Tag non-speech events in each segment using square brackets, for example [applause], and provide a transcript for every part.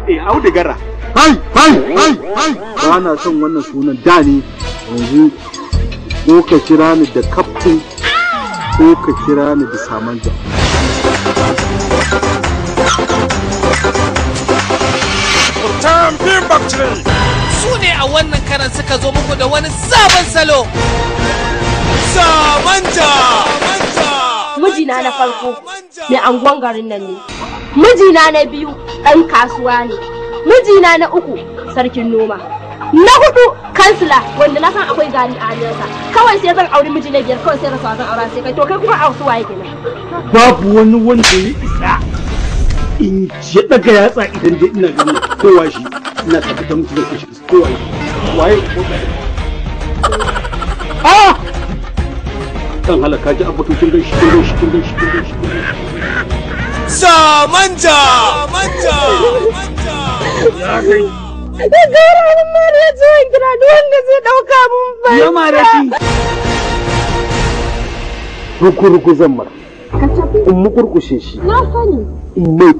daɗe audigara. Hai, hai, hai, hai. Ba na son wannan sunan da ne yanzu ko ka kira ni da kaftin ko ka kira ni da samanja. Kurtan Bean Su ne a wannan karan suka zo muku da wani sabon salo. Samanja! Mijina na farko mai angon garin nan ne. mijina na biyu ɗan kasuwa ne mijina na uku sarkin noma na hudu kansila wanda na san akwai gari a hannunsa kawai sai zan auri miji na biyar kawai sai rasuwa zan aura sai kai to kai kuma a waye kenan babu wani wanda ya isa in je daga yatsa idan dai ina ganin kowa shi ina tabbatar mutu da kashi kowa shi waye a ah! kan halaka ji abbatun kin gaishe kin shi kin shi kin shi. manja manja manja manja ya kai da gaura mun gida duk wanda zai dauka mun bai yo mare ruku ruku in mu shi na sani in mai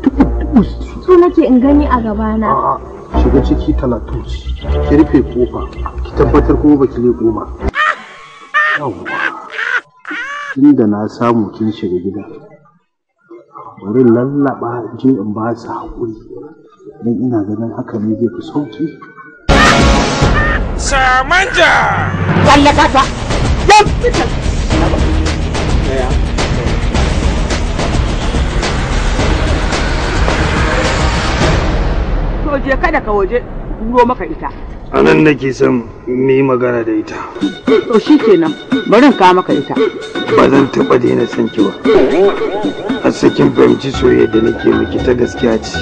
so nake in gani a gabana shiga ciki talatin ki rufe kofa ki tabbatar kuma baki ne goma tun da na samu kin shiga gida bari lallaɓa in je in ba su haƙuri don ina ganin haka ne zai fi sauki. Samanja! Walla kaka! Soje kada ka waje turo maka ita. a nan nake son mu yi magana da ita to shi kenan bari ka maka ita ba zan taɓa daina son ki ba a sakin fahimci soyayya da nake miki ta gaskiya ce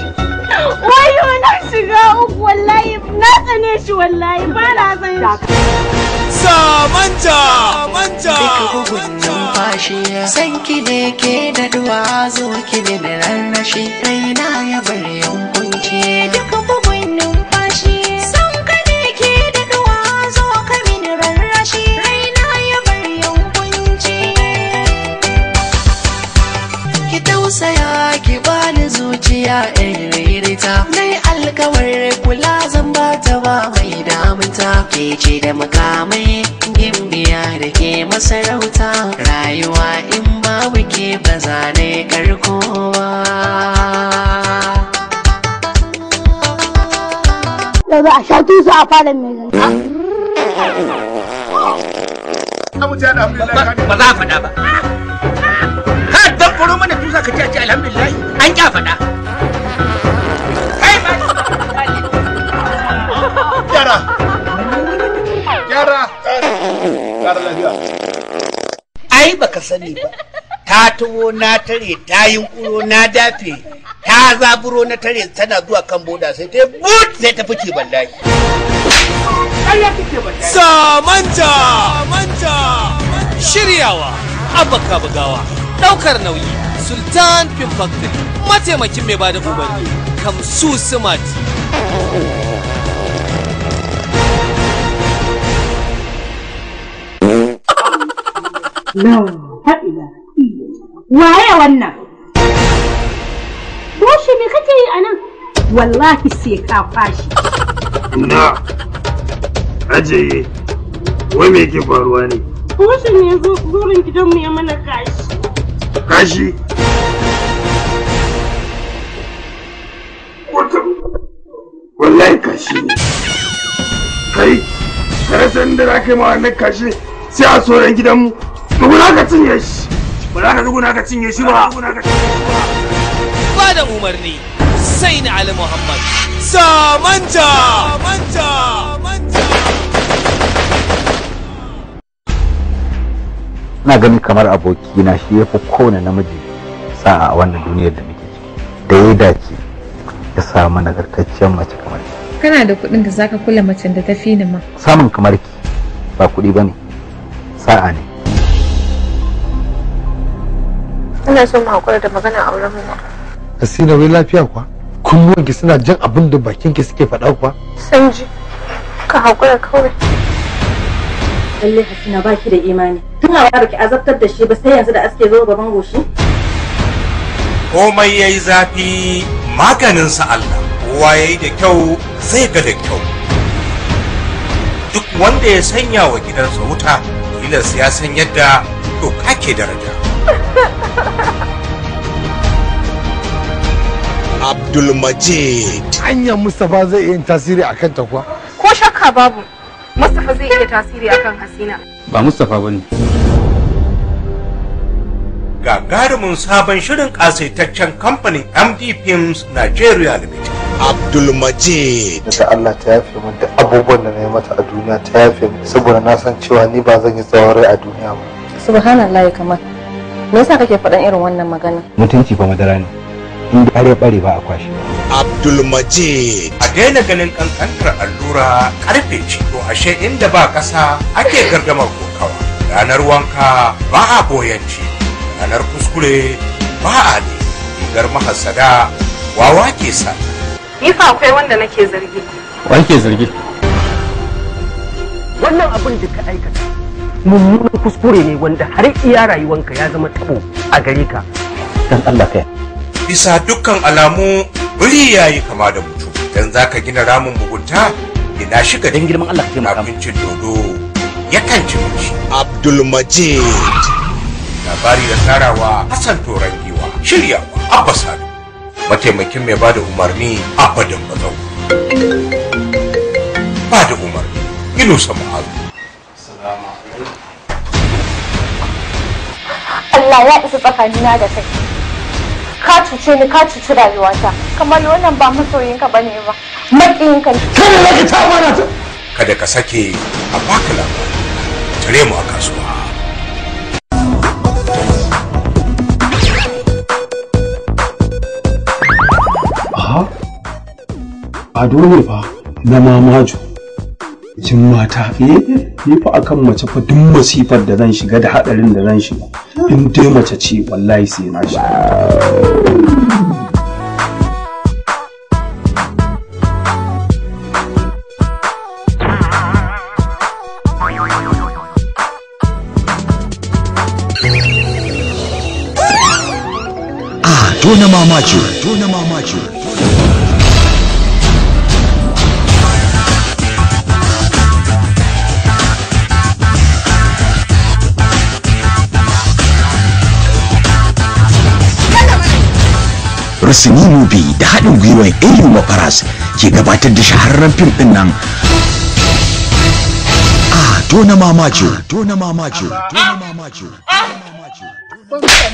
wayo na shiga uku wallahi na tsane shi wallahi ba na san shi samanta manta san ki ne ke da duwa zo ki ne da rarrashi raina ya bar yankunci duka ya iririta nai alkawar kula zan ba ta ba mai damunta ke ce da makamai gimbiya da ke masarauta rayuwa in babu ke ba zane karkowa yau a sha tusu a fadar mai gani ba za a fada ba har don koro mana tusa ka ce alhamdulillah an kya fada. Chiara. Chiara. gyara lafiya ai baka sani ba ta tuwo na tare ta yi kuro na dafe ta zaburo na tare tana zuwa kan boda sai ta but sai ta fice ballahi Samanta! Samanta! Shiryawa, abaka bugawa, ɗaukar nauyi, Sultan Pimfaktin, mataimakin mai bada umarni, Kamsu Sumati. Waye wannan? Doshi me kake yi anan? nan? Wallahi sai ka fashi. Na ajiye, wai me ke faruwa ne? Doshi ne zurin gidanmu ya mana kashi. Kashi? Wallahi kashi ne. Kai, kare san da za ka yi ma wannan kashi sai a soran gidanmu. ka cinye shi ka cinye shi ba ba da umarni sai na ali muhammad samanta samanta na kamar abokina shi ya fi kowane namiji sa'a a wannan duniyar da muke ciki da ya dace ya samu nagartaccen mace kamar ki kana da kuɗin da zaka kula macen da ta fi ni ma samun kamar ki ba kuɗi ba ne sa'a ne ina son mu haƙura da magana a wurin mu asira wai lafiya kuwa kunnuwanki suna jan abin da bakinki suke faɗa kuwa ji ka haƙura kawai lalle hasina baki da imani tun a ki azabtar da shi ba sai yanzu da aske zo gaban goshi komai yayi zafi maganin sa Allah kowa yayi da kyau zai ga da kyau duk wanda ya sanya wa gidansa wuta tilas ya san yadda doka ke daraja [laughs] Abdulmajid. Hanyar Mustapha zai iya tasiri a kanta kuwa? Ko shakka babu, Mustapha zai iya tasiri a kan Hasina. Ba Mustapha ba ne. Gagarumin sabon shirin ƙasaitaccen kamfanin MD Films Nigeria Limited. Abdulmajid. Insha Allah ta yafe min da abubuwan da na yi mata a duniya ta yafe min saboda na san cewa ni ba zan yi tsawon rai a duniya ba. Subhanallah kamar. Me yasa kake faɗan irin wannan magana? Mutunci ba madara ne. in har ya bare ba a kwashe Majid a daina ganin kankantar allura karfe ce to ashe inda ba kasa ake gargamar kokawa ranar wanka ba a boyanci ranar kuskure ba a ne gar mahasada wawa ke sa ni fa akwai wanda nake zargi wa zargi wannan abin da ka aikata mummunan kuskure ne wanda har iya rayuwanka ya zama tabo a gare ka dan Allah kai bisa dukkan alamu biri yi kama da mutum dan zaka gina ramin mugunta ina shiga dan girman Allah ka taimaka abincin dodo yakan ci mace Abdul Majid labari da tsarawa Hassan Torangiwa shiryawa Abba Sani mataimakin mai bada umarni abadan bazau bada umarni ino sama Allah ya isa tsakanina da kai ka cuce ni ka cuci rayuwata kamar wannan ba masoyinka bane ba maƙiyinka ne kada zaki ta ta kada ka sake a baka tare mu a kasuwa Ado ne ba na mamaju jin mata, eh, ni fa akan mace fa duk masifar da zan shiga da haɗarin da zan shiga. In dai mace ce wallahi sai na shiga. Ah, tuna mamaki, tuna mamaki. Rusini Movie da haɗin gwiwar AU Mafaras ke gabatar da shahararren fim ɗin nan. Ah, to na mamacho, to na mamacho,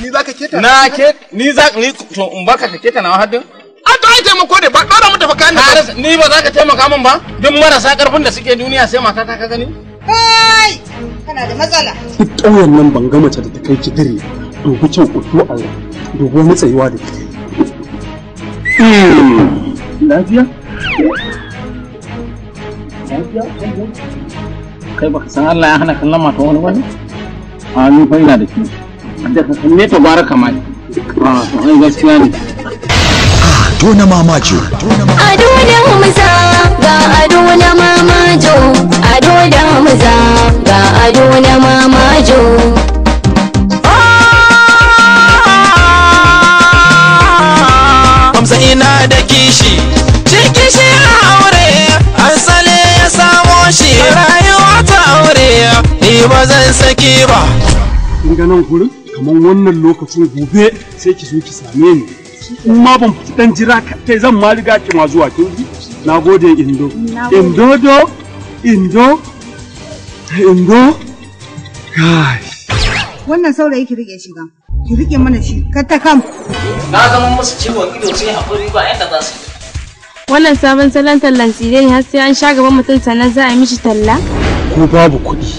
Ni za ka keta? Na ke, ni za ni to in baka ka keta na haddin? A to ai taimako ne ba ɗora baka ni. Ni ba za ka taimaka min ba? Duk marasa ƙarfin da suke duniya sai mata ta ka gani? Kai! Kana da matsala. Duk ƙauyen nan ban ga mace da ta kai kidire. kyau ko Allah. Dubi wani tsayuwa da kai. Lafiya? Kai baka san Allah ya hana kallon mata wani wani? A ni fa ina da Da ka bara kamar. to ai gaskiya ne. Ado na mamajo. Ado da Hamza ga ado na mamajo. Ado da Hamza ga ado na na da kishi shi kishi a aure asali ya samo shi rayuwa ta aure ni ba zan saki ba in ga nan gurin kamar wannan lokacin gobe sai ki zo ki same ni in ma ban fita dan jira kai zan ma riga ki ma zuwa kin ji nagode indo indo do indo indo kai wannan saurayi ki rike shigan ki rike mana shi ka ta kam na zama musu ciwon ido sai hakuri ba yadda za su wannan sabon salon tallan tsire ne har sai an sha gaban mutum sannan za a yi mishi talla ko babu kuɗi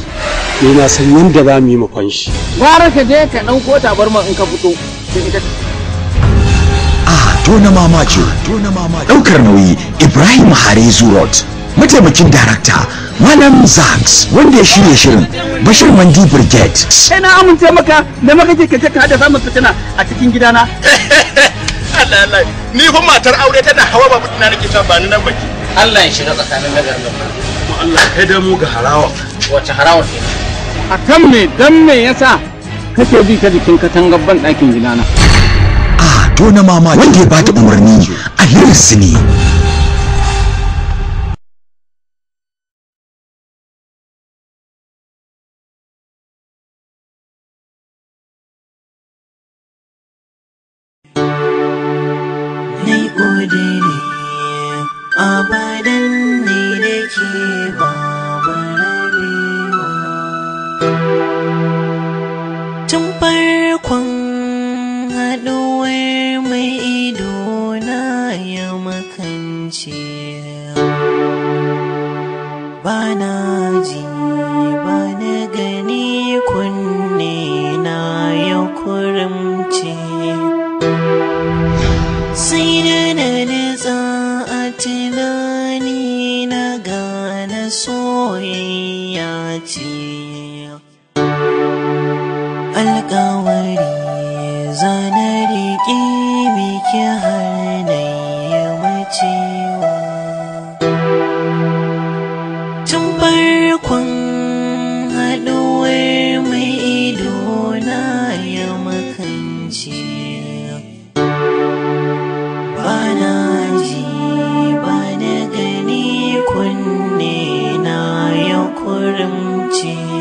ne na san yadda za mu yi mafan shi gara ka je ka ɗauko tabarma in ka fito a mamaki to na mamaki ɗaukar nauyi ibrahim hare zurot mataimakin darakta malam zax wanda ya shirya shirin bashir mandi brigade sai na amince maka da maka ke kace ka da samun fitina a cikin gidana [laughs] Allah Allah ni fa matar aure tana hawa ba mutuna nake ta ba ni nan baki Allah ya shiga tsakanin nagar nan mu Allah kai da mu ga harawa wace harawa ce akan me dan me yasa kake bi ka jikin katangar ban ɗakin gidana a to na mama wanda ya bata umarni a hirsi ne ya makance ba ji ba gani kunne na ya kurumce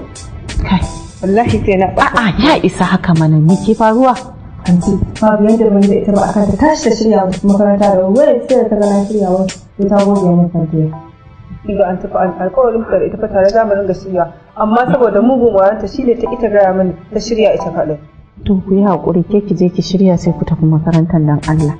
wallahi sai na ba a ya isa haka mana ni ke faruwa anti babu yadda ban da ita ba aka ta tashi ta shirya makaranta da wai sai ta gana shirya wai ta goge mun fadiya ga an tafi alkawarin da ita fa tare za mu ringa shirya amma saboda mugun wayanta shine ta ita gaya mini ta shirya ita kaɗai to ku yi haƙuri ke ki je ki shirya sai ku tafi makarantar dan Allah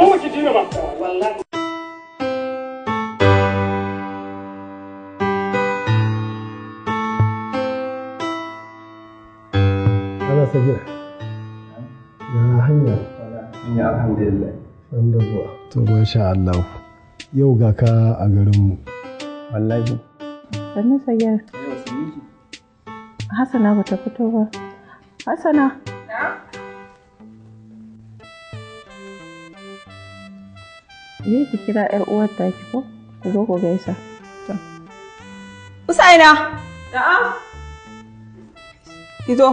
ko ana ya hanya da zuwa masha Allah yau ga ka a garinmu wallahi sannan sayar Hassana ba ta fito ba. Hassana. Je ki kira ƴar uwar ki ko ku zo ku gaisa. ina? Da'a? Ki zo.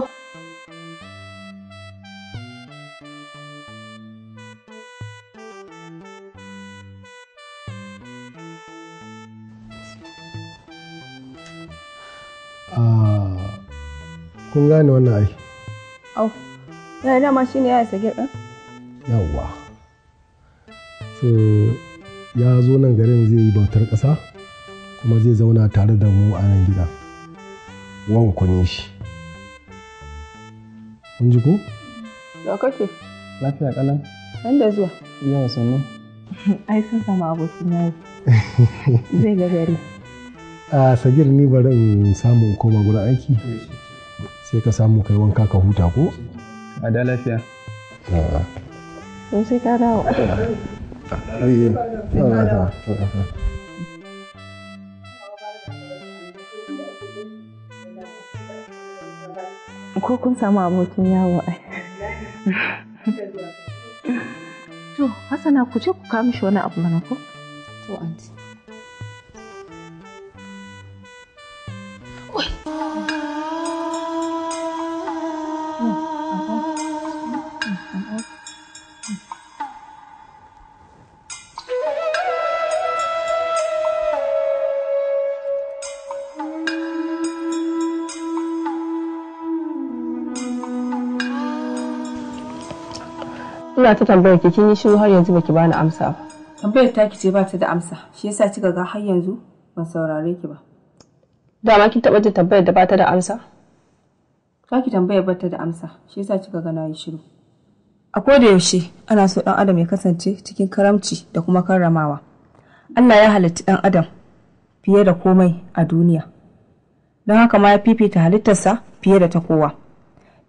Ah, kun gane wannan ai. Au, yana dama shi ne ya isa girɗin? Yawwa. so ya zo nan garin zai yi bautar ƙasa kuma zai zauna tare da mu a nan gida wanku ne shi kun ji ko? da kake lafiya kalan inda zuwa yawa sannu [laughs] ai sun sama abokin yayi [laughs] zai ga gari a sagir ni bari in samu koma gurin aiki sai ka samu kai wanka ka huta ko a da lafiya to sai ka dawo [laughs] Ko kun samu abokin yawo ai. To, Hassana ku ce ku kawo wani abu mana ko? To, auntie. ina ta tambayar ki kin yi shiru har yanzu baki bani amsa ba tambayar ta ce ba ta da amsa shi yasa kika ga har yanzu ban saurare ki ba dama kin taba jin tambayar da ba ta da amsa ka ki tambayar ba ta da amsa shi yasa kika ga na yi shiru a da yaushe ana so dan adam ya kasance cikin karamci da kuma karramawa Allah ya halitta dan adam fiye da komai a duniya don haka ma ya fifita halittarsa fiye da ta kowa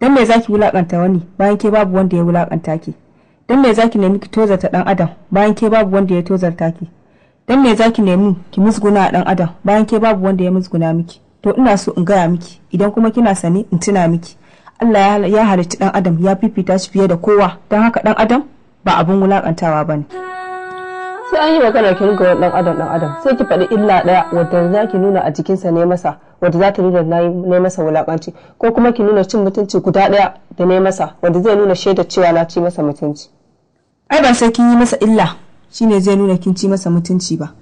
don me zaki wulakanta wani bayan ke babu wanda ya wulakanta ki dan me zaki nemi ki tozarta dan adam bayan ke babu wanda ya tozarta ki dan me zaki nemi ki musguna dan adam bayan ke babu wanda ya musguna miki to ina so in gaya miki idan kuma kina sani in tuna miki Allah ya halitta dan adam ya fifita shi fiye da kowa don haka dan adam ba abun wulakantawa bane sai an yi magana ki ga dan adam dan adam sai ki faɗi illa daya wadda za ki nuna a jikinsa ne masa wadda za ta nuna ne masa wulakanci ko kuma ki nuna cin mutunci guda ɗaya da ne masa wadda zai nuna shaidar cewa na ci masa mutunci ai ba sai kin yi masa illa shine zai nuna kin ci masa mutunci ba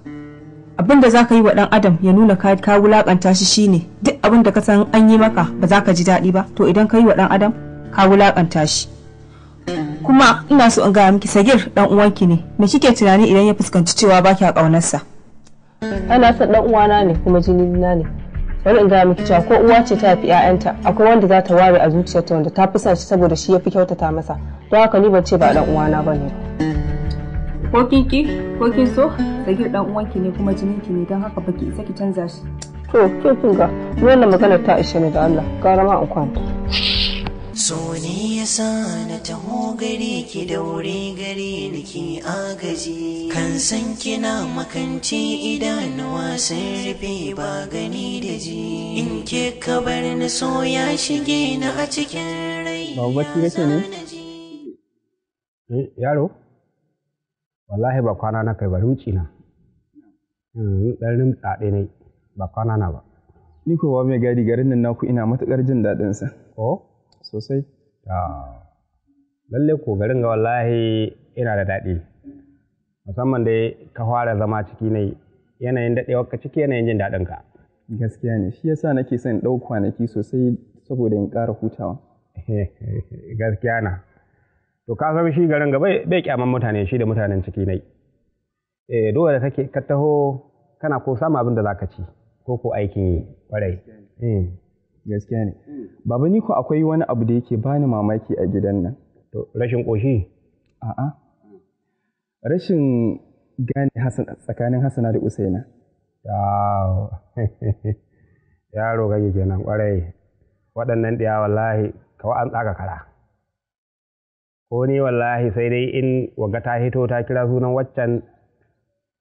abin da zaka yi wa dan adam ya nuna ka ka wulakanta shi shine duk abin da ka san an yi maka ba za ka ji daɗi ba to idan ka yi wa dan adam ka wulakanta shi kuma ina so in gaya miki sagir dan uwanki ne me kike tunani idan ya fuskanci cewa ba kya kaunarsa ana son dan uwana ne kuma jini na ne wani in miki cewa ko uwa ce ta fi 'ya'yanta akwai wanda za ta ware a zuciyarta wanda ta fi son shi saboda shi ya fi kyautata masa don haka ni ban ce ba dan uwana ba ne ko kin ki ko kin so sagir dan uwanki ne kuma ki ne don haka baki isa ki canza shi to kin ga wannan maganar ta ishe ni da Allah gara ma in kwanta so ne ya sa na taho gare ki daure gare ni ki agaji kan san kina makanci idan wasan rufe ba gani da ji in ke kabar na so ya shige na a cikin rai ba wacce kake ne eh, yaro wallahi ba kwana na kai ba rumci na dan hmm, rin ɗaya ne ba kwana na ba ni ko ba mai gadi garin nan naku ina matukar jin daɗinsa oh sosai lallai ko garin ga wallahi ina da daɗi musamman dai ka fara zama ciki ne yanayin daɗewar ka ciki yanayin jin daɗin ka gaskiya ne shi yasa nake son ɗau kwanaki sosai saboda in ƙara hutawa [laughs] gaskiya na to ka san shi garin ga bai kyaman mutane shi da mutanen ciki ne eh dole da kake ka taho kana ko samun abin da zaka ci ko ko aikin yi kwarai gaskiya ne hmm. baba ni ko akwai wani abu da yake bani mamaki a gidan nan to rashin koshi a'a hmm. rashin gane tsakanin hasana da usaina [laughs] yaro ke kenan kwarai waɗannan ɗaya wallahi kawa an tsaka kara ko ni wallahi sai dai in waga ta hito ta kira sunan waccan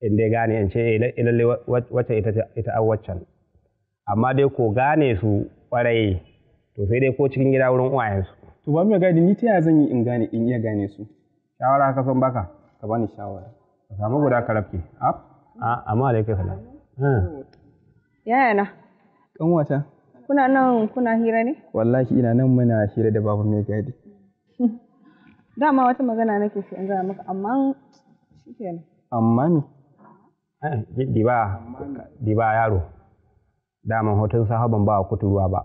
in dai gane in ce eh, eh, lalle waccan ita an waccan amma dai ko gane su kwarai to sai dai ko cikin gida wurin uwayensu to ba mai gadi ni ta yaya zan yi in gane in iya gane su shawara ka son baka ka bani shawara ka samu guda ka rafke a amma yake salam hm. yaya na wata. kuna nan kuna hira ne wallahi ina nan muna hira da babu mai gadi [laughs] dama wata magana nake so in gaya maka amma shikenan amma ne eh, diba diba yaro daman hoton sahaban ba kutu ruwa ba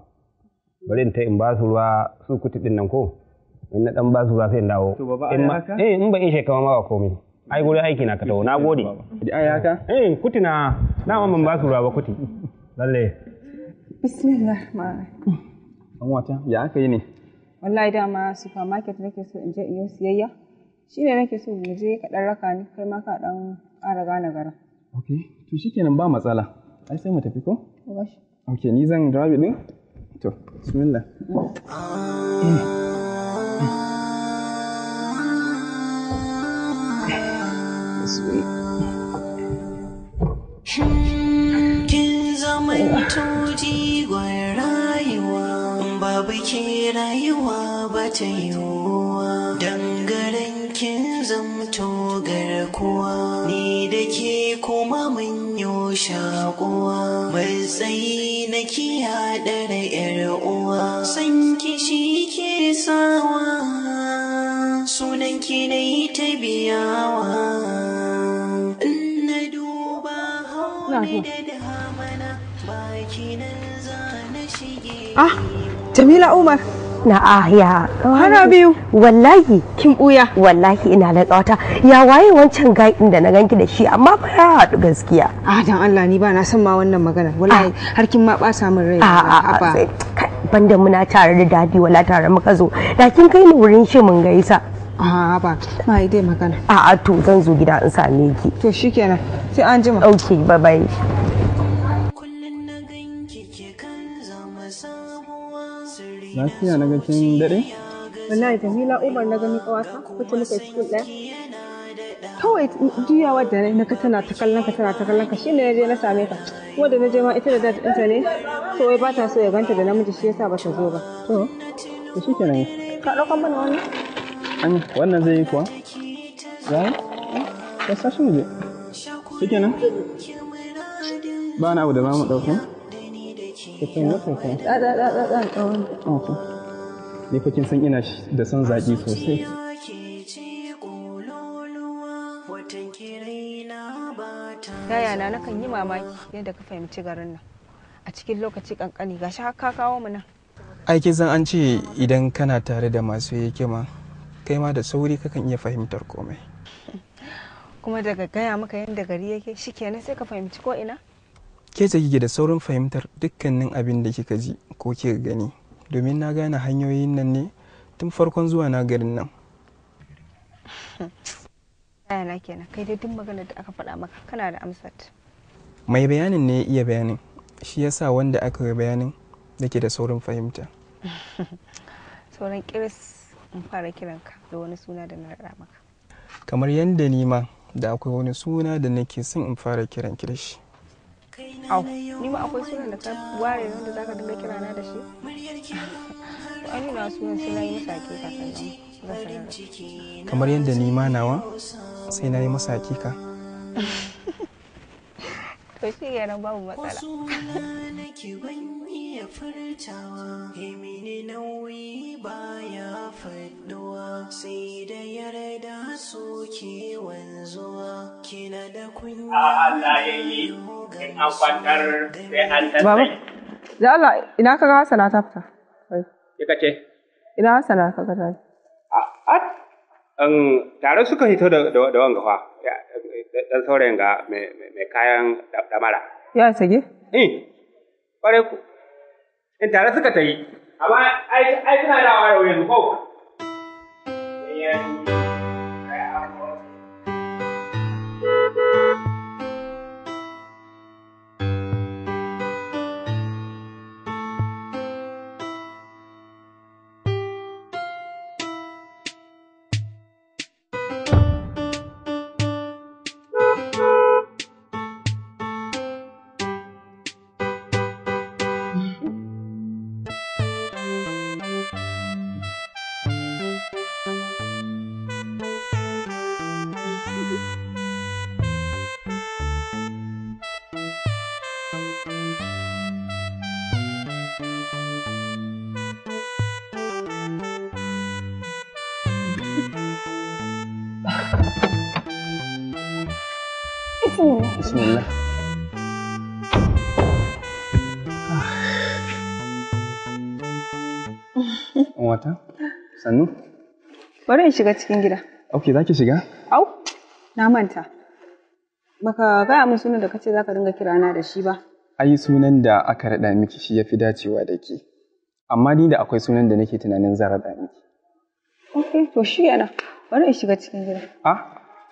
bari in ta in ba su ruwa su kutu din nan ko in na dan ba su ruwa sai in dawo in ma eh in ba in shekama ma ba komai ai gure aiki na ka tawo na gode ai haka eh kuti na na ban ba su ruwa ba kuti lalle bismillah ma an wata ya aka yi ne wallahi dama supermarket nake so in je in yi siyayya shine nake so mu je ka dan raka ni kai ma ka dan ƙara gane gara okay to shikenan ba matsala ai sai mu tafi ko Ok, ni zan drabi din? To, bismillah. Kin zama toji gwayar rayuwa, babu ke rayuwa ba ta yiwuwa. Dangaren kin zamto garkuwa, ni da ke kuma mun shakuwa mai tsayi na kiyaɗa da ‘yar uwa san shi ke sawa sunan ki na yi ta biyawa in na duba hau da hamana baki nan za na shige Ah, Jamila Umar. na ahiya hana biyu wallahi kin buya wallahi ina da kawata ya waye wancan gai da na ganki da shi amma ba ya haɗu gaskiya a ah, dan Allah ni ba na san ma wannan magana ah. wallahi har kin ma ɓata min rai ah, a a banda muna tare da dadi wala tare muka zo da kin kai ni wurin shi mun gaisa a ba ma dai magana a a to zan zo gida in same ki to shikenan sai an jima okay bye bye Lafiya na kin dare? Wallahi Jamila Umar na gani kawata kuce muka cikin ɗaya. Kawai juyawa da na ka tana ta kallon ka tana ta kallon ka shine na je na same ka. Wanda na je ma ita da dad ɗinta ne to wai ba ta so ya ganta da namiji shi yasa ba ta zo ba. To, to shi kenan. Ka ɗaukan mana wani? An wannan zai yi kuwa? Ka Ya shi mu je. Shi kenan? Ba na abu da ba mu ɗaukan? cikin da da da tsawon ni fa san ina da son zaki sosai yaya na nakan yi mamaki yadda ka fahimci garin nan a cikin lokaci kankani ga shi ka kawo mu nan aiki zan an ce idan kana tare da masu hikima kai ma da sauri kakan iya fahimtar komai kuma daga gaya maka yadda gari yake shi kenan sai ka fahimci ko ina ke ce kike da saurin fahimtar dukkanin abin da kika ji ko kika gani domin na gane hanyoyin nan ne tun farkon zuwa na garin nan [laughs] yana kenan kai dai duk maganar da aka faɗa maka kana da amsat mai bayanin ne ya iya bayanin shi yasa wanda aka yi bayanin da ke da saurin fahimta [laughs] sauran kiris in fara kiranka da wani suna da na raɗa maka kamar yadda ni ma da akwai wani suna da nake son in fara kiran ki Au, ni ma akwai sunan da ka ware wanda za ka dinga kirana da shi? An nuna sunan sai suna yi masa hakika Kamar yadda ni ma nawa sai na yi masa hakika. [laughs] to shi kenan babu matsala nake ban iya furtawa himini nauyi baya faɗuwa sai da yarda so ke wanzuwa kina da kunya Allah yayi in an kwantar sai an da Allah ina kaga Hassana ta fita ce ina Hassana kaga ta a tare suka hito da wanga dan saurayin ga mai kayan damara. Ya sage? Eh, kware ku. In tare suka ta yi, amma ai suna dawa da yanzu ko? Yeah. sannu bari in shiga cikin gida ok za ki shiga au na manta baka gaya min sunan da kace za ka dinga kirana da shi ba ai sunan da aka raɗa miki shi ya fi dacewa da ke amma ni da akwai sunan da nake tunanin zan raɗa miki ok to shi yana bari in shiga cikin gida ah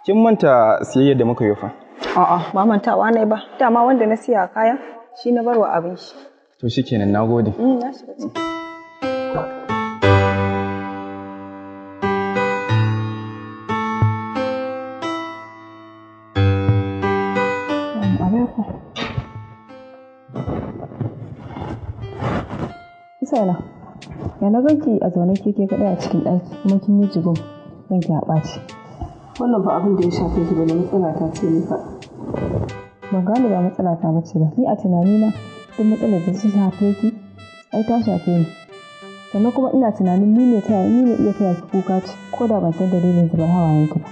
kin manta siyayyar da muka yi fa a'a ba mantawa ne ba dama wanda na siya kaya shi na barwa abin shi to shikenan nagode mm na shiga cikin yana ya na a zaune keke ke kaɗai a cikin ɗaki kuma kin yi jigum ki a ɓaci wannan ba abin da ya shafe ki bane matsala ta ce ni fa ban gane ba matsala ta bace ba ni a tunanina duk matsalar da ta shafe ki ai ta shafe ni sannan kuma ina tunanin ni ne ta ni ne iya taya kuka ce ko da ban san dalilin zubar hawayen ki ba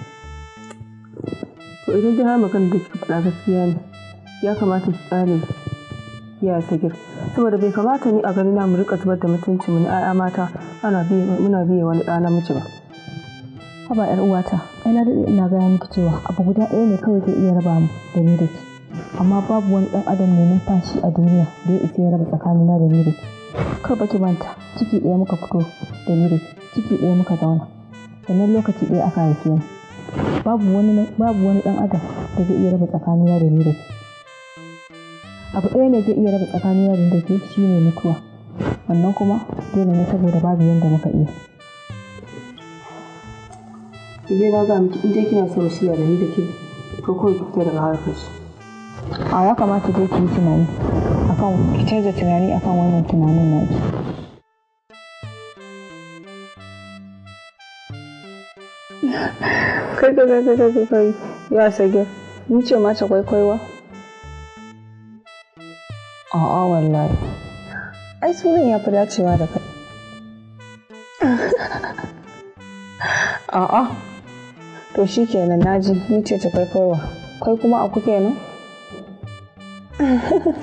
to idan ki har magana da kika faɗa gaskiya ne ya kamata ki tsare ya sagir saboda bai kamata ni a gani na mu rika zubar da mutunci mu na mata ana biye muna biye wani ɗa namiji ba haba yar uwata ai na daɗe ina gaya miki cewa abu guda ɗaya ne kawai zai iya raba mu da ni da ki amma babu wani ɗan adam mai numfashi a duniya da ya isa ya raba tsakanina da ni da ki kar ba ki manta ciki ɗaya muka fito da ni da ki ciki ɗaya muka zauna sannan lokaci ɗaya aka haife ni babu wani babu wani ɗan adam da zai iya raba tsakanina da ni da ki abu ɗaya ne zai iya raba tsakanin yarin da ke shi ne mutuwa wannan kuma dole ne saboda babu yadda muka iya je na ga miki in je kina so shi ya ni da ke ko ko ki fita daga harkar shi a ya kamata dai ki yi tunani akan ki canza tunani akan wannan tunanin naki kai kai kai kai ya sage ni ce mace kwaikwaiwa A'a wallahi. Ai sunan ya fi dacewa da kai. A'a. To shi kenan ji ni ce ta kwaikwaiwa. Kai kuma aku kenan? [laughs]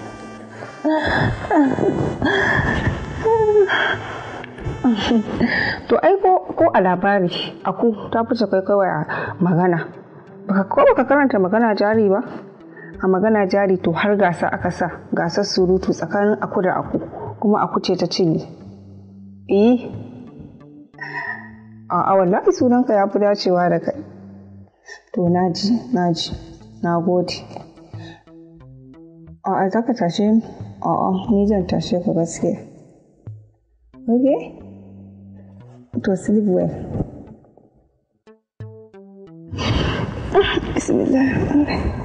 To ai ko a labari aku ta fi ta kwaikwaiwa magana. Baka ko baka karanta magana jari ba? a magana jari to har gasa aka sa gasar surutu tsakanin aku da aku kuma aku ce ta cinye eh a wallahi sunanka ya fi dacewa da kai to naji naji na gode a'a za ka tashe a a'a ni zan tashe ka gaskiya Ok. to sleep well bismillah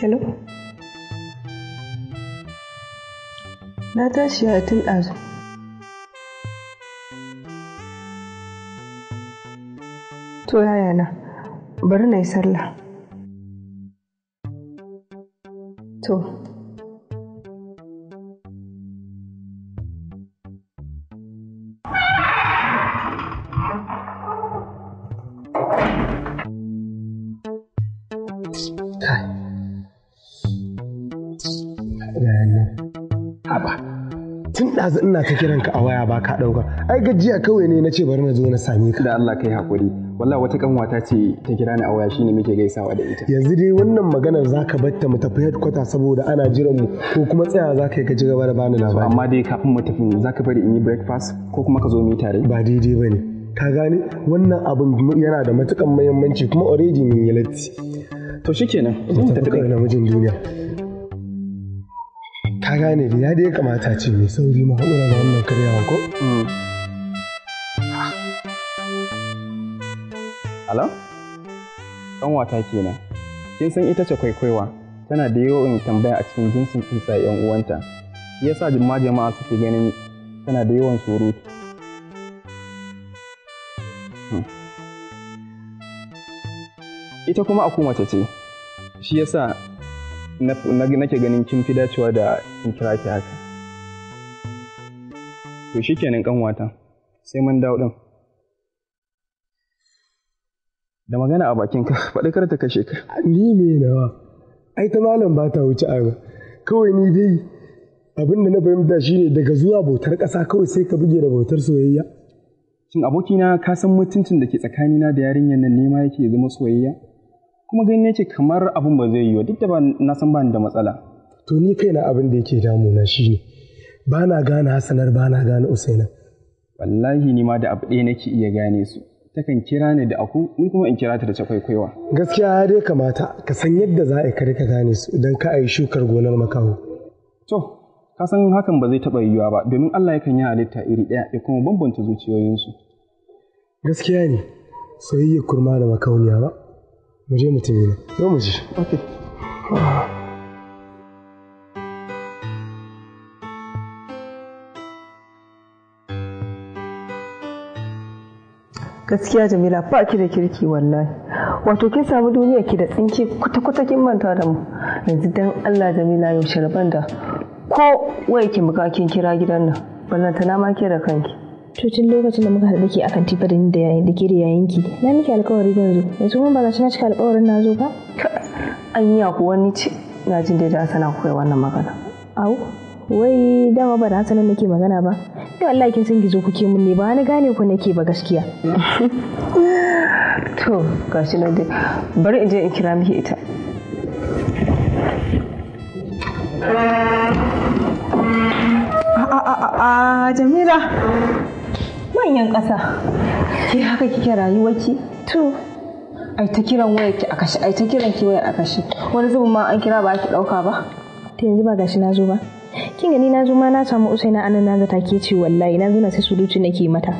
Hello? Na tashi a tun ɗazu. To yaya na, bari na yi sallah. To. yanzu ina ta kiran ka a waya ba ka ɗauka ai gajiya kawai ne na ce bari na zo na same ka da Allah kai hakuri wallahi wata kanwata ce ta kira ni a waya shine muke gaisawa da ita yanzu dai wannan maganar zaka batta mu tafi headquarter saboda ana jiran mu ko kuma tsaya zaka yi ka ji gaba da bani labari amma dai kafin mu tafi zaka bari in yi breakfast ko kuma ka zo mu tare ba daidai bane ka gane wannan abin yana da matukan muhimmanci kuma already mun yi latti to shikenan mu tafi ga namijin duniya ka gane da ya dai kamata ce mai sauri ma haɗura da wannan karyawa ko? Alo? Ƙanwata kenan. Kin san ita ce kwaikwaiwa, tana da yawan tambaya a cikin jinsin kisa 'yan uwanta. Shi sa jimma jama'a suke ganin tana da yawan surutu. Hmm. Ita kuma a mace ce, shi ya sa. nake ganin kin fi dacewa da in kira ki haka to shikenan kanwata sai mun dawo din da magana a bakin ka [laughs] faɗi kar ta kashe ka ni me nawa ai ta malam ba ta wuce a kawai ni dai abin da na fahimta shine daga zuwa bautar ƙasa kawai sai ka buge da bautar soyayya shin abokina ka san mutuncin da ke tsakanina da yarinyar nan nema yake zama soyayya kuma gani nake kamar abin ba zai yi duk da ba na san ba da matsala to ni kaina abin da yake damu shi shine ba na gane Hassanar, ba na gane usaina wallahi ni ma da abu ɗaya nake iya gane su takan kira ni da aku ni kuma in kira ta da kwaikwaiwa gaskiya ya dai kamata ka san yadda za a yi ka gane su idan ka yi shukar gonar makaho to ka san hakan ba zai taɓa yiwuwa ba domin Allah yakan yi halitta iri ɗaya ya kuma bambanta zuciyoyinsu gaskiya ne soyayya kurma da makauniya ba mu je mutum yana zo mu ji gaskiya jamila ba ki da kirki wallahi wato kin samu duniya ki da tsinki kwata-kwata kin manta da mu yanzu dan allah jamila yaushe sharban da ko wai ki muka kin kira gidan nan na ma ke da kanki to lokacin da muka haɗu ke akan tifa da da ke da ki na miki alkawari ban zo yanzu kuma ba za na cika alkawarin na zo ba an yi kuwa ni ce na jin da Hassana koya wannan magana au wai dama ba da Hassana nake magana ba yau wallahi kin san gizo kuke mun ne ba na gane ku nake ba gaskiya [laughs] to gashi na dai bari in je in kira miki ita a a a Jamila manyan ƙasa ke haka kike rayuwarki to ai ta kiran wayarki a kashe ai ta kiran ki wayar a kashe wani zubin ma an kira ba ki ɗauka ba to yanzu ba gashi na zo ba kin gani na zo ma na samu usaina anan na zata ke ce wallahi na zo na sai surutu nake mata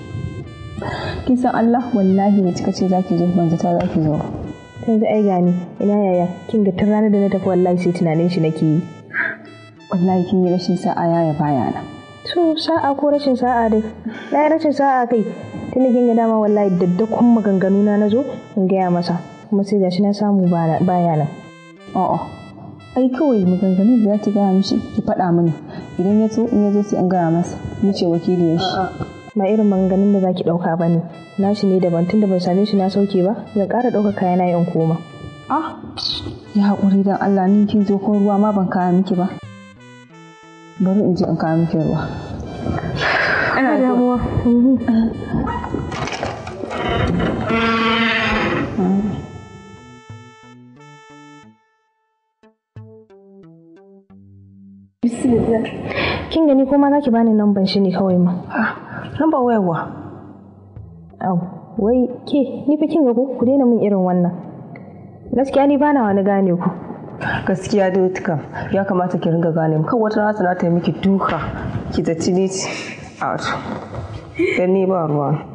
[laughs] kin san Allah wallahi ne kika ce zaki zo banza ta zaki zo yanzu ai gani ina yaya kin ga tun ranar da na tafi wallahi sai tunanin shi nake yi wallahi kin yi rashin sa'a yaya baya na su sa'a ko rashin sa'a dai na rashin sa'a kai tuni kin ga dama wallahi dukkan maganganu na nazo in gaya masa kuma sai gashi na samu baya nan a'a ai kawai maganganun da za ta gaya mishi ki faɗa mini idan ya so in ya zo sai in gaya masa ni ce wakili ya shi ba irin maganganun da zaki ɗauka ba ne nashi ne daban tunda ban same shi na sauke ba zan ƙara ɗauka kayana in koma ah ya haƙuri don allah ni kin zo kuma ruwa ma ban kaya miki ba bari in ji in kawo miki ruwa ina damuwa Kin gani ko ma za ki bani lamban shi ne kawai ma. Lambar ah, wayarwa. Au, wai ke, ni fa kin ga ku daina min irin wannan. Gaskiya ni bana wani gane ku. gaskiya da ya kamata ki ringa gane kan wata rana sana ta miki duka ki ta ci out ni ba ruwa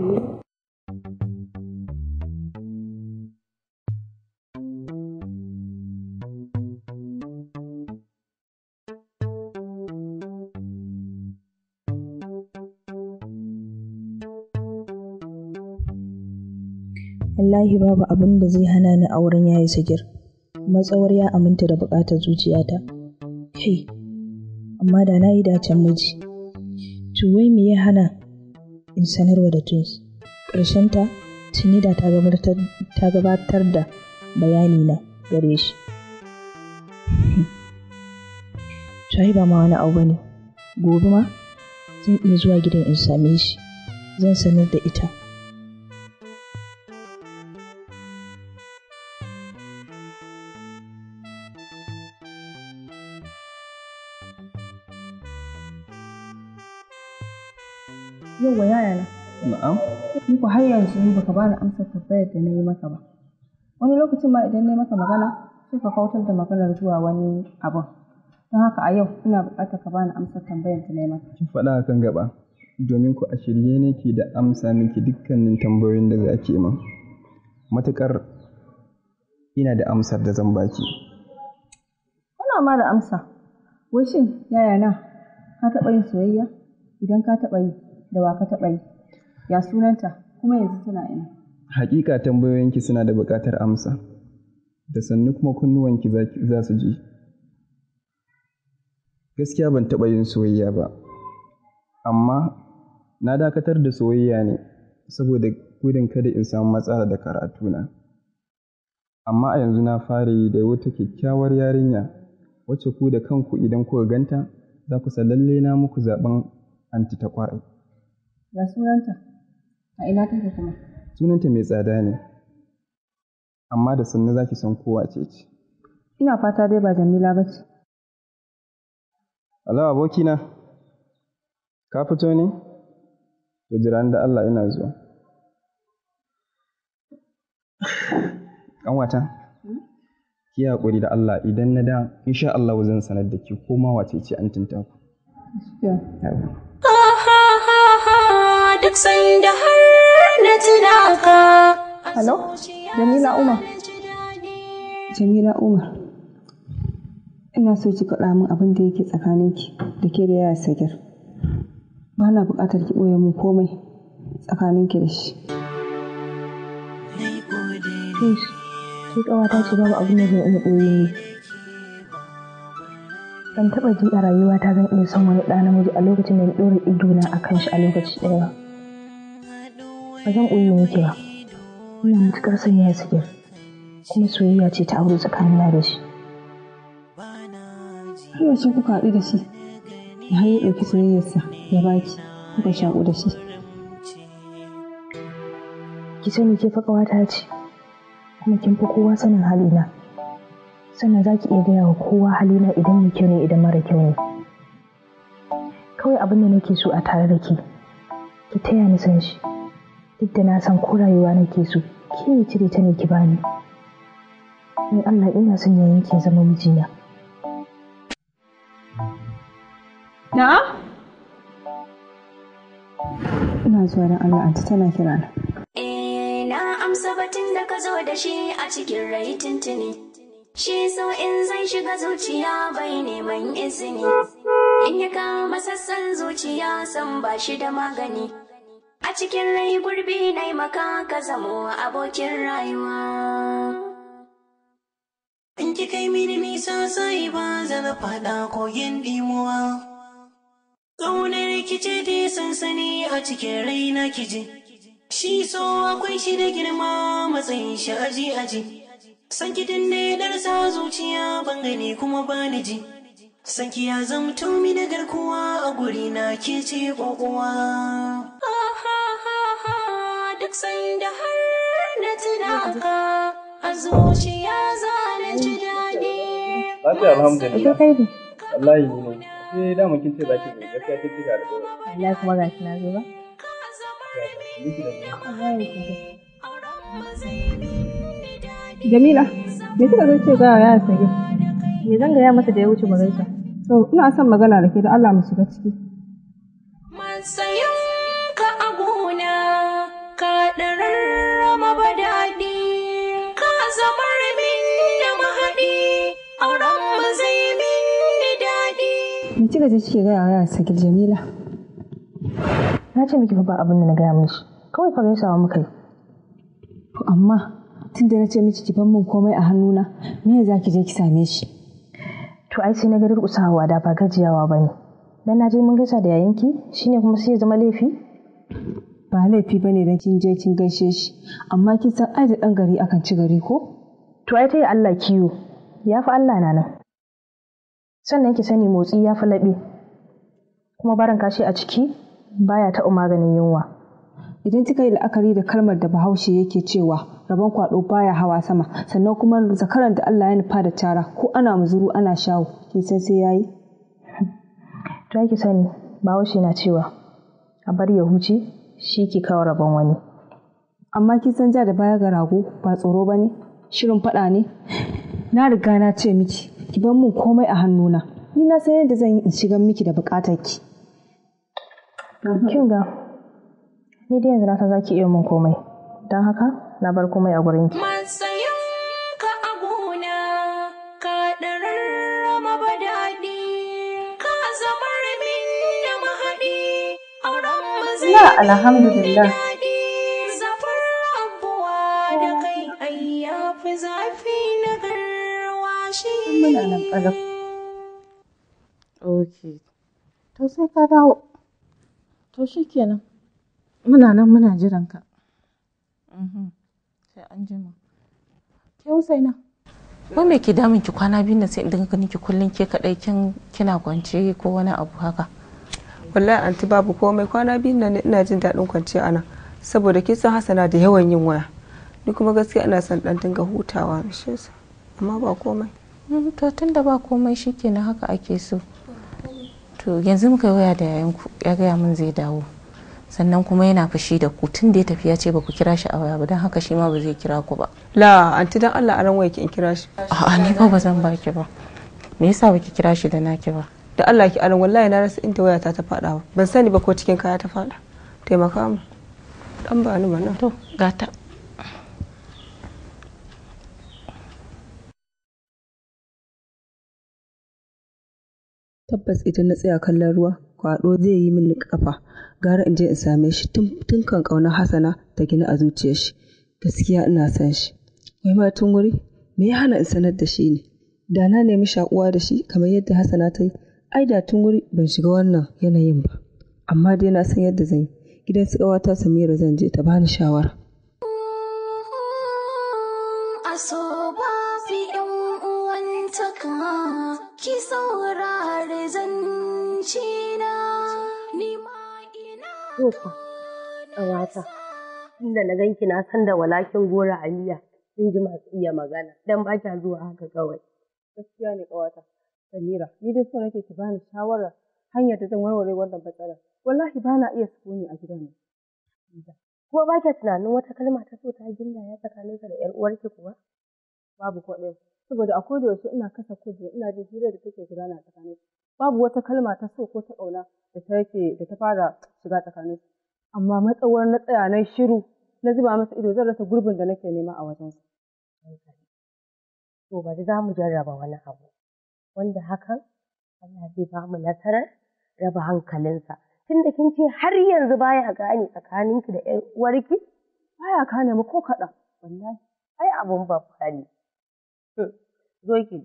wallahi babu abin da zai hana ni auren yayi sigir matsawar ya aminta da buƙatar zuciyata kai amma da na yi dacen miji tuwai me ya hana in sanarwa da twins ta tuni da ta gabatar da bayani na gare shi tuwai ba ma wani abu ne gobe ma zan iya zuwa gidan in same shi zan sanar da ita ko har yanzu baka bani amsar tambayar da na yi maka ba. Wani lokacin ma idan na yi maka magana sai ka kautar da maganar zuwa wani abun. Don haka a yau ina buƙatar ka bani amsar tambayar da na yi maka. Ki faɗa akan gaba domin ku a shirye ne ke da amsa miki dukkanin tambayoyin da za ki min. Matuƙar ina da amsar da zan baki. Kana ma da amsa. Wai shin yaya na ka taɓa yin soyayya? Idan ka taɓa yi da wa ka taɓa yi? Ya sunanta? kuma yanzu tana ina hakika tambayoyinki suna da buƙatar amsa da sannu kuma kunnuwanki za su ji gaskiya ban taɓa yin soyayya ba amma na dakatar da soyayya ne saboda gudun kada in samu matsala da karatuna amma a yanzu na fara yi da wata kyakkyawar yarinya wacce ku da kanku idan kuka ganta za ku lalle na muku zaɓen anti ta Ya sunanta? A ina take kuma? Sunanta mai tsada ne. Amma da sannu za ki san kowa ce ce. Ina fata dai ba Jamila ba ce. Alawa abokina, ka fito ne? To jira da Allah ina zuwa. Ƙanwata, ki haƙuri da Allah idan na da insha Allah zan sanar da ki ko ma wace ce an tunta ku. Duk sanda har na tuna ka Jamila Umar Jamila Umar ina so ki faɗa min abin da yake tsakaninki da ke da yaya sagir ba na buƙatar ki ɓoye min komai tsakaninki da shi shi ta ce babu abin da zai iya ɓoye ni ban taɓa ji a rayuwata zan iya son wani ɗa namiji a lokacin da na ɗora idona a kan shi a lokaci ɗaya ba zan ɓoye miki ba ina matukar son ya ke, kuma soyayya ce ta aure tsakanina da shi har shi kuka haɗu da shi ya har ya ɗauki soyayyarsa ya baki kuka shaƙu da shi ki sani ke fa ƙawata ce kuma kin fi kowa sanin halina sannan za ki iya gaya wa kowa halina idan mai kyau ne idan mara kyau ne kawai abin da nake so a tare da ke ki taya ni san shi duk da na san ko rayuwa nake so ke cire ta ne ki bani ni Allah ina son ya yanke zama mijina na ina zuwa da Allah anta tana kira na eh, na amsa batun da ka zo da shi a cikin rai tuntuni shi so in zai shiga zuciya bai neman izini in ya kama sassan zuciya san ba shi da magani a cikin rai gurbi na maka ka zamo abokin rayuwa. In ki kai mini nisa sai ba zan faɗa kogin dimuwa. Tsaunar kice da sansani a cikin rai na kiji. Shi so akwai shi da girma matsayin shi aji aji. San kitin ya darsa zuciya ban kuma ba ni ji. Sanki ya zamto mini garkuwa a guri na ke ce kokowa. da har na tuna ka a zuciya zalunci daɗi. Lafiya alhamdulillah. Ita kai ne. Wallahi ne. Sai da mukin ce zaki zo gaskiya kin da gaba. Wallahi kuma ga shi na zo ba. Jamila, me kika zo ce ga ya sage? Me zan ya masa da ya wuce magaisa? To, ina son magana da ke da Allah mu shiga ciki. kika je kike gaya wa yara Jamila? Na ce miki fa ba abin da na gaya mishi. Kawai fa gaisawa muka yi. To amma tun da na ce miki ki ban min komai a hannuna, me za ki je ki same shi? To ai sai na ga durƙusawa da ba gajiyawa ba ne. Dan na je mun gaisa da yayinki shine kuma sai ya zama laifi? Ba laifi ba ne dan kin je kin gaishe shi, amma kin san ai da ɗan gari akan ci gari ko? To ai ta yi Allah kiwo, ya fi Allah na nan. sannan ki sani motsi ya fi laɓe kuma barin kashi a ciki baya taɓa maganin yunwa idan kika yi la'akari da kalmar da bahaushe yake cewa rabon kwaɗo baya hawa sama sannan kuma zakaran da Allah ya nufa da tara ko ana muzuru ana shawo ki san sai yayi [laughs] to ki sani bahaushe na cewa a bar ya huce shi ki kawo rabon wani amma kin san ja da baya ga rago ba tsoro ba ne. shirin faɗa ne na riga na ce miki ki bar mun komai a hannuna ni na san yadda zan yi in shigar miki da buƙatar ki mhm. kin ga ni dai yanzu na san zaki iya mun komai don haka na bar komai a gurin ki alhamdulillah ƙalau. Ok, to sai ka dawo. To shi kenan, muna nan muna jiran ka. Mhm. Sai an Ke me ke damun ki kwana biyu na sai idan gani ki kullum ke kaɗai kin kina kwance ko wani abu haka. Wallahi anti babu komai kwana biyu na ne ina jin daɗin kwanciya nan saboda kin san Hassana da yawan yin waya. Ni kuma gaskiya ina son ɗan dinga hutawa shi amma ba komai. Mm, to tun da ba komai shi ke na haka ake so to yanzu muka yi waya da yayanku ya gaya min zai dawo sannan kuma yana fushi da ku tun da ya tafi ya ce ba ku kira shi a waya ba don haka shi ma ba zai kira ku ba la anti dan Allah aran waya ki in kira shi a'a ni ba zan ba ki ba me yasa ba ki kira shi da naki ba da Allah ki aran wallahi na rasa inda waya ta ta fada ban sani ba ko cikin kaya ta fada taimaka mu dan ba ni ba to gata Tabbas idan na tsaya kallon ruwa, kwaɗo zai yi mini ƙafa. Gara in je in same shi tun kan ƙaunar Hassana ta gina a zuciyar shi. Gaskiya ina son shi. Wai ma tun wuri, me ya hana in sanar da shi ne? Da na nemi shakuwa da shi kamar yadda Hassana ta yi, ai da tun wuri ban shiga wannan yanayin ba. Amma dai na san yadda zan yi. Gidan su ƙawata Samira zan je ta bani shawara. A so ba fi 'yan kama. ki saurare zance na nima ina inda na ganki na san da walakin gora aliya sun ji masu iya magana, dan ba kya zuwa haka kawai. Gaskiya ne ƙawata, Samira, ni dai so nake ki bani shawara hanyar da zan warware wannan matsalar. Wallahi bana iya sukuni a gidan nan. Kuma ba kya tunanin wata kalma ta so ta ginda ya tsakaninka da ‘yar uwarki kuwa? Babu ko ɗaya. saboda a koda yaushe ina kasa kujera ina jin hirar da take gudana tsakanin su babu wata kalma ta so ko ta ƙauna da ta yake da ta fara shiga tsakanin amma matsawar na tsaya na shiru na zuba masa ido zan rasa gurbin da nake nema a wajen su to bari za mu jarraba wani abu wanda hakan Allah zai ba mu nasarar raba hankalinsa tun da kin ce har yanzu baya gane tsakaninki da ƴan uwarki baya kane mu ko kaɗan wallahi ai abun babba ne zo ki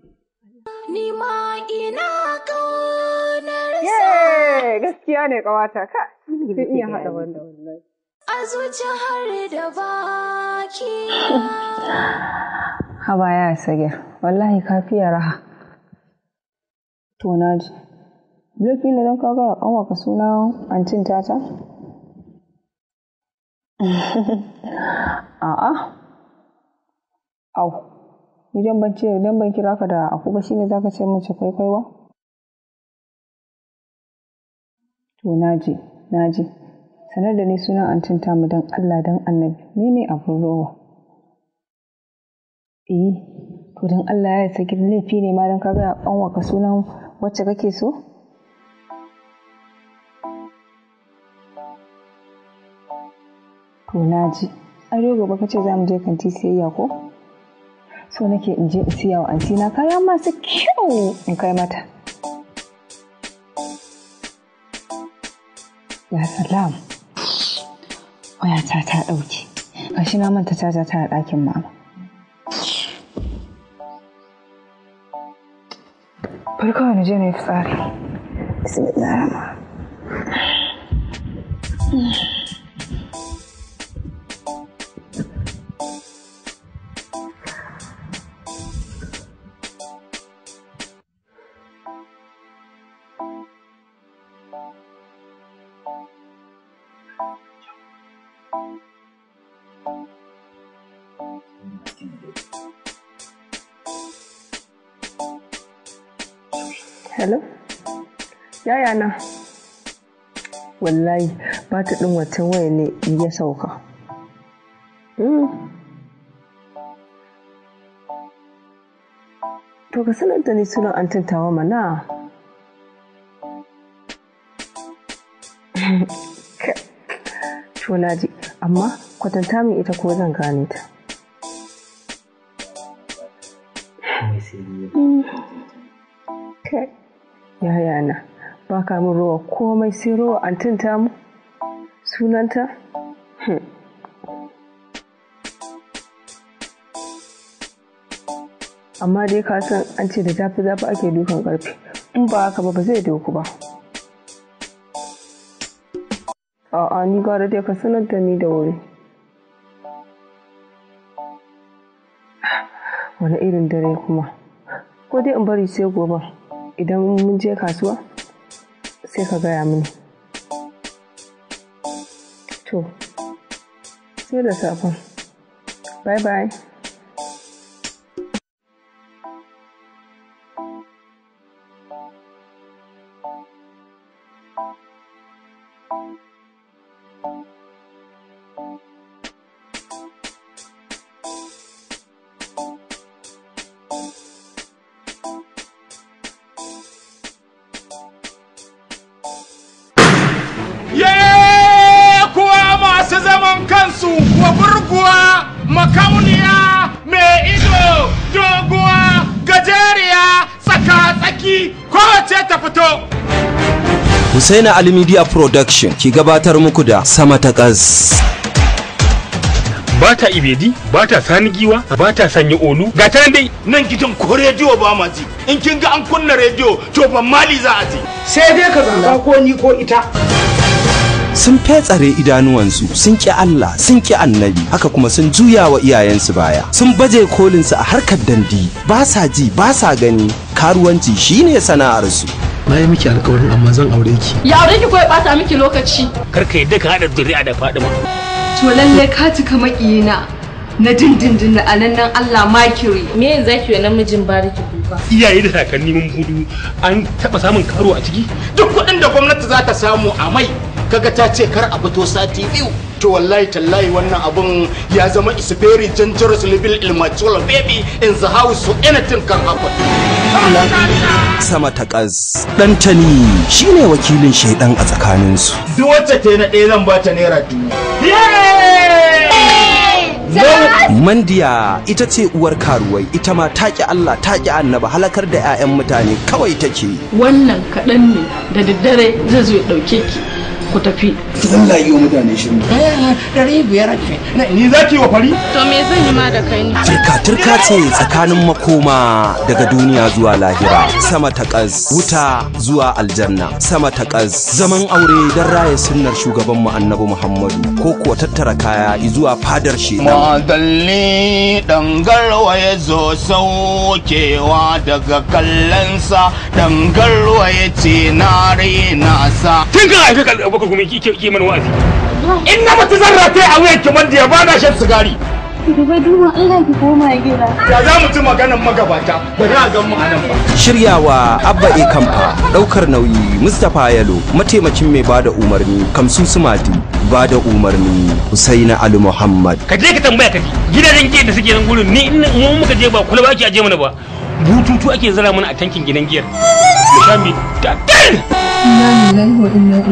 ni ma ina kaunar sa gaskiya ne kawata ka sai iya hada wanda wallahi a zuci har da baki haba ya sage wallahi kafiya raha to na ji Zafi ne don kaga an waka suna antin tata? [laughs] A'a. Au. Idan ban ce idan ban kira ka da aku ba shine zaka ce min ce kwaikwaiwa? To naji, naji. Sanar da ni sunan antin tamu don Allah dan annabi. ne abu rowa? Eh, to don Allah ya saki gidan laifi ne ma don ka ga ƙanwarka sunan wacce kake so? To naji. Ai gaba ka ce za mu je kanti sayayya ko? so nake in je in siya wa antina kaya masu kyau in kai mata ya salam wayata ta ɗauke shi na manta ta ta a ɗakin mama bari kawai na je na yi fitsari bismillah waya na wallahi ba ta ɗin wata waya ne ya sauka hmm. to ka sanar da ni an tantawa mana to ji amma kwatanta min ita ko zan gane ta hmm. yaya na ta waka min rowa komai sai rowa antin mu sunanta hmm. amma dai ka san an ce da zafi zafi ake dukan karfe in ba haka ba ba zai doku ba a'a ni gara dai ka sanar da ni da wuri wani irin dare kuma ko dai in bari sai gobe idan mun je kasuwa sai ka gaya mini to sai da safon bye bye Husaina Ali Media Production ki gabatar muku da sama ta ƙas. ba ta ibedi ba ta sani giwa ba ta sanya olu ga ta dai nan gidan ko rediyo ba ma ji in kin ga an kunna rediyo to ban mali za a ji sai dai ka zanga ko ni ko ita sun fetsare idanuwansu sun ƙi Allah sun ƙi annabi haka kuma sun juya wa iyayensu baya sun baje kolinsu a harkar dandi ba sa ji ba sa gani karuwanci shine sana'arsu na yi miki alkawarin amma zan aure ki ya aure ki ko ya bata miki lokaci kar ka yadda ka hada zuri'a da ma. to lalle ka cika maƙiyina na dindindin na anannan Allah makiri me yanzu zaki wa namijin bariki kuka iyaye da kakanni mun hudu an taba samun karo a ciki duk kuɗin da gwamnati za ta samu a mai kaga ta ce kar a fito sati biyu to wallahi tallahi wannan abun ya zama is very dangerous level soul baby in the house so anything can happen sama ta kas dantani shine wakilin shaidan a tsakanin su duk wacce ta na ɗaya zan ba ta naira dubu Mandiya ita ce uwar karuwai ita ma taƙi Allah taƙi annaba halakar da 'ya'yan mutane kawai take. Wannan kaɗan ne da daddare zai zo ya ɗauke ki ku tafi ki zan layi wa mutane shirin eh, ɗari biyar ce ni za ki wa fari to me zan yi ma da kai ni turka turka ce tsakanin makoma daga duniya zuwa lahira sama ta ƙas wuta zuwa aljanna sama ta ƙas zaman aure don raya sunnar shugaban mu annabi muhammadu ko kuwa tattara kaya zuwa fadar shi madalli garwa ya zo saukewa daga kallonsa garwa ya ce na rena sa tun kan abubakar kuma ki ki mana in na mutu zan rataye a wuyan ki wanda ya bana shan sigari Dubai duma Allah ki koma gida. Ya za mu ci maganan magabata, ba za a gan mu anan ba. Shiryawa Abba E Kamfa, ɗaukar nauyi mustafa Yalo, mataimakin mai bada umarni Kamsu Sumadi, bada umarni Husaina Ali Muhammad. Ka je ka tambaya ka ji, gidajen giyar da suke nan gurin ni in mu muka je ba kula ba ake aje mana ba. Bututu ake zara mana a tankin gidan giyar. ya sha mi da inna lillahi wa inna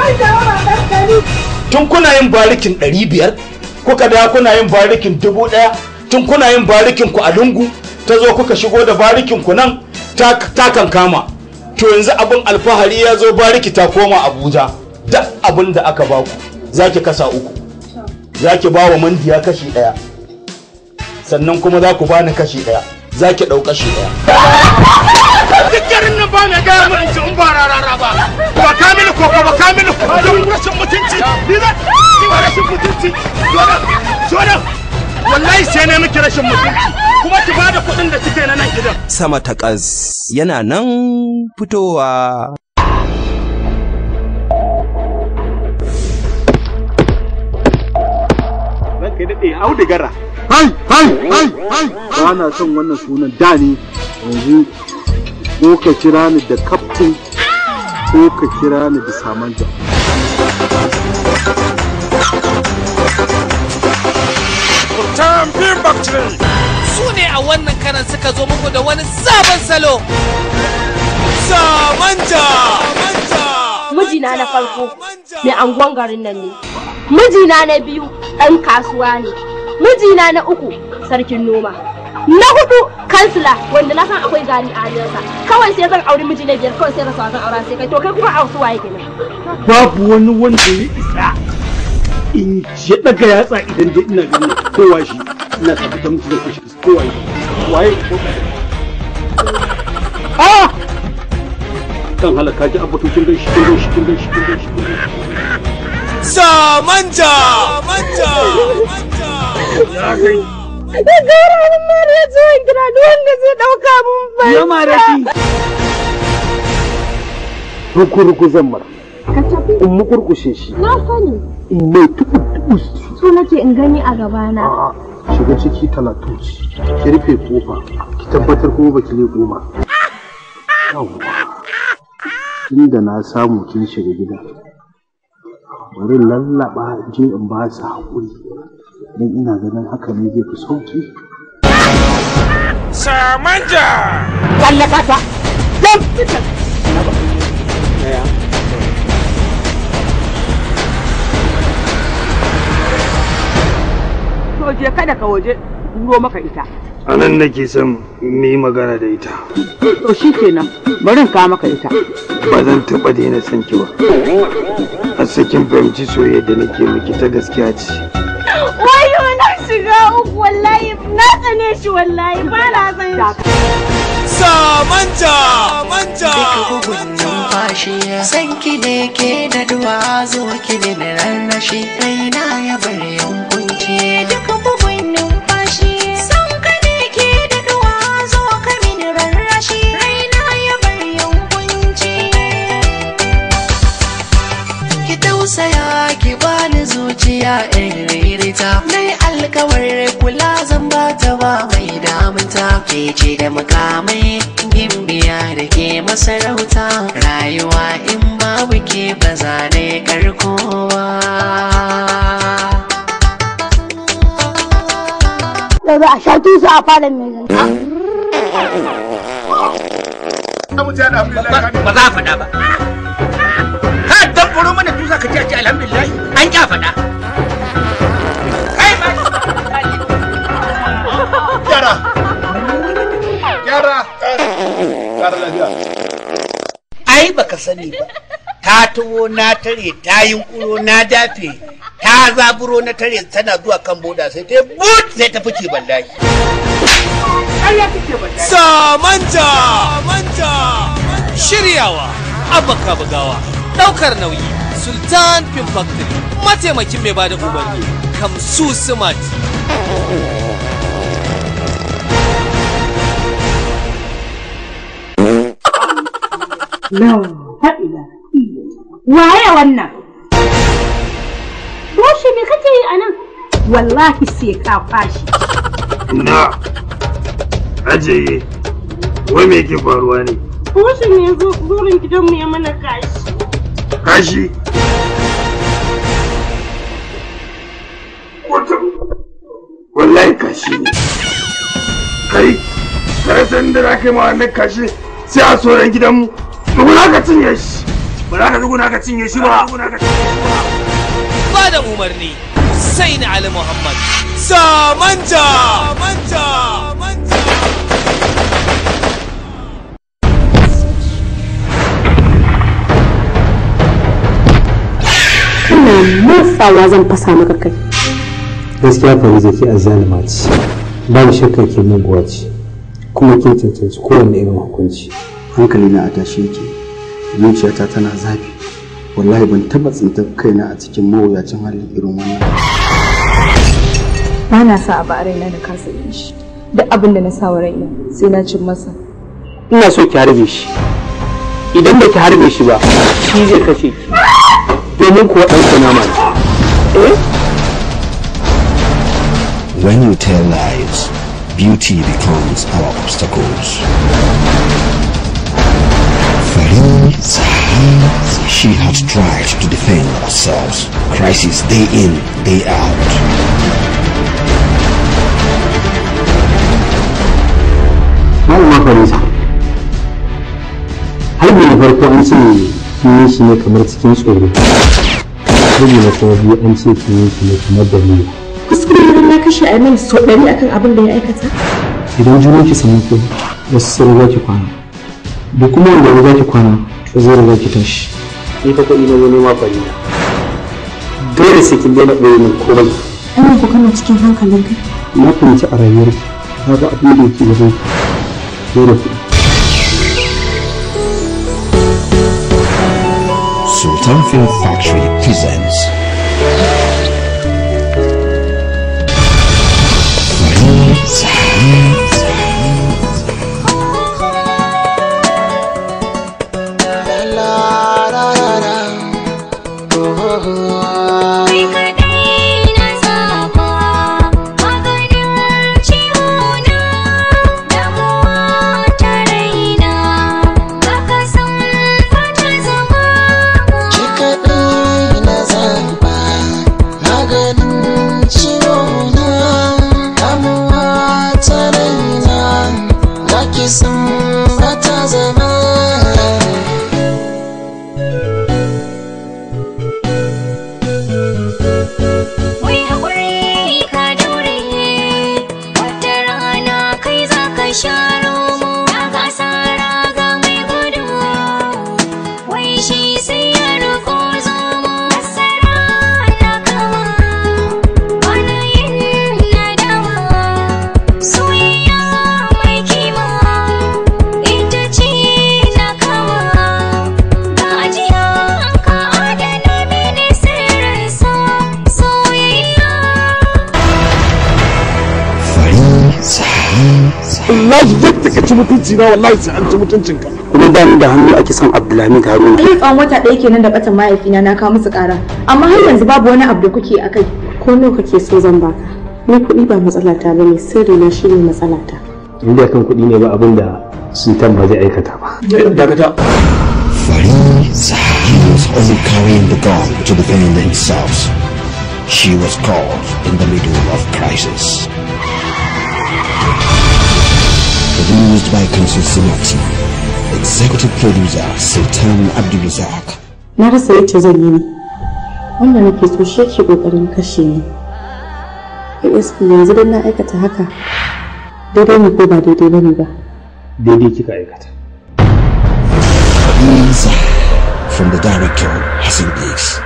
ilaihi tun kuna yin barikin 500 kuka da kuna yin barikin 1000 tun kuna yin barikin ku a lungu ta zo kuka shigo da barikin ku nan ta kankama to yanzu abin alfahari ya zo bariki ta koma abuja da abin da aka baku za ki kasa uku za ki ba wa mandiya kashi ɗaya sannan kuma za ku bani kashi ɗaya za ki ɗauka shi ɗaya. nan ba mai gaya mun in ba rarara ba. Ba ka mini ko ba ka mini ko don rashin mutunci. Ni za ki ba rashin mutunci. Wallahi sai ne miki rashin mutunci. Kuma ki bada kuɗin da kike na nan gidan. Sama ta yana nan fitowa. Ranka daɗe, audigara. ba na son wannan sunan da ne yanzu ko ka kira ni da kaftin ko ka kira ni da samanta Kurtan Bean su ne a wannan karan suka zo muku da wani sabon salo samanta mijina na farko mai angon garin nan ne mijina na biyu ɗan kasuwa ne mijina na uku sarkin noma na hudu kansila wanda na san akwai gani a hannunsa kawai sai zan auri miji na biyar kawai sai rasa zan aura sai kai to kai kuma a wasu waye kenan babu wani wanda ya isa in ya daga yatsa idan dai ina ganin kowa shi ina ta mutu da kashi kowa shi waye ah! kan halaka ji abu kin gan shi kin gan shi kin gan shi kin gan shi Samanja! Samanja! manja. Da gara mun mare zuwan gida duk da zai dauka mun bai. Ya mare ki. Ruku ruku zan mara. Ka tafi. In mukurkushe shi. Na sani. In mai tuku tuku. So nake in gani a gabana. Shiga ciki talatin ki rufe kofa ki tabbatar kuma baki ne goma. Inda na samu kin shiga gida. Bari lallaba je in ba su haƙuri. don ina ganin haka ne zai fi sauki samanja tsallaka ta don fitar soje kada ka waje duro maka ita a nan nake son mu yi magana da ita to shi kenan bari in kawo maka ita ba zan taɓa daina son ki ba a sakin fahimci soyayya da nake miki ta gaskiya ce shiga uku wallahi na tsane shi wallahi ba na san shi. Samanta! Samanta! San ki da ke da duwa zo ki da na rarrashi raina ya bar yankunci duk bugun numfashi. San ka da ke da duwa zo ka min rarrashi raina ya bar yankunci. Ki tausaya ki bani zuciya in ririta. kawar kula zan ba ta ba mai damunta ke ce da mukamai gimbiya da ke masarauta rayuwa in babu ke ba za ne karkowa Yau za a sha su a falon mai zanta. Ba za a fada ba. Ha, don dan mana tusa ka ce a ce alhamdulillah an ƙya fada. ai baka sani ba ta tuwo na tare ta yunkuro na dafe ta zaburo na tare tana zuwa kan boda sai ta but sai ta fice ballahi samanta samanta shiryawa abaka bugawa daukar nauyi sultan pin factory mataimakin mai bada umarni kamsu sumati Waye wannan? Doshi me kake yi anan. nan? Wallahi sai ka fashi. Na, ajiye, wai me ke faruwa ne? Doshi ne zurin gidanmu ya mana kashi. Kashi? Wallahi kashi ne. Kai, karasan da za ka yi ma wannan kashi sai a tsoron gidanmu. Duguna ka cinye shi. Ba za ka duguna ka cinye shi ba. Ba da umarni sai na Ali Muhammad. Samanta! Samanta! Samanta! Ina murfawa zan fasa maka kai. Gaskiya Fariza ke azalima ce. Ba da shakka ke muguwa ce. Kuma ke cancanci kowanne irin hukunci. hankali na a tashi yake zuciyata tana zafi wallahi ban taba tsinta kaina a cikin mawuyacin halin irin wannan ba na sa abu a raina da kasa yin shi duk abin da na sa wa raina sai na cin masa ina so ki harbe shi idan ba ki harbe shi ba shi zai kashe ki domin kuwa ɗan kunama ne eh When you tell lies, beauty becomes our obstacles. She had tried to defend ourselves. Crisis day in, day out. Malama Farisa, harbi na farko an ce kiyin shi ne kamar cikin tsoro. Harbi na kuma biyu an ce kiyin shi ne kamar dalila. Kuskure ne na kashe Amin sau ɗari akan abin da ya aikata? Idan junanki sanin ko, wasu sarwa ki kwana. da kuma wanda za ki kwana zai riga ki tashi ni fa kuɗi na zo kwari na dole sai kin daina ɓoye min komai ana ku kana cikin hankalin ka na fahimci a rayuwar ka ga abin da yake wajen dole kuɗi Sultan Film Factory presents wallahi yadda ka ci mutunci na wallahi sai an ci mutuncin ka kuma ba ni da hannu ake son Abdulhamid Haruna ai tsawon wata ɗaya kenan da ɓata mahaifina na kawo musu ƙara amma har yanzu babu wani abu da kuke akai ko nawa kake so zan baka ni kuɗi ba matsalata ba ne sirri na shi ne matsalata in da kan kuɗi ne ba abin da sultan ba zai aikata ba dakata Farisa he was only carrying the gun to defend themselves she was caught in the middle of crisis Heavily used by Council Sinati. Executive Producer Sultan Abdulrazak. Na rasa yadda zan yi ni Wanda nake so shi yake kokarin kashe ni. ASP yanzu dan na aikata haka. Daidai ne ko ba daidai bane ba. Daidai kika aikata. From the director Hassan Biggs.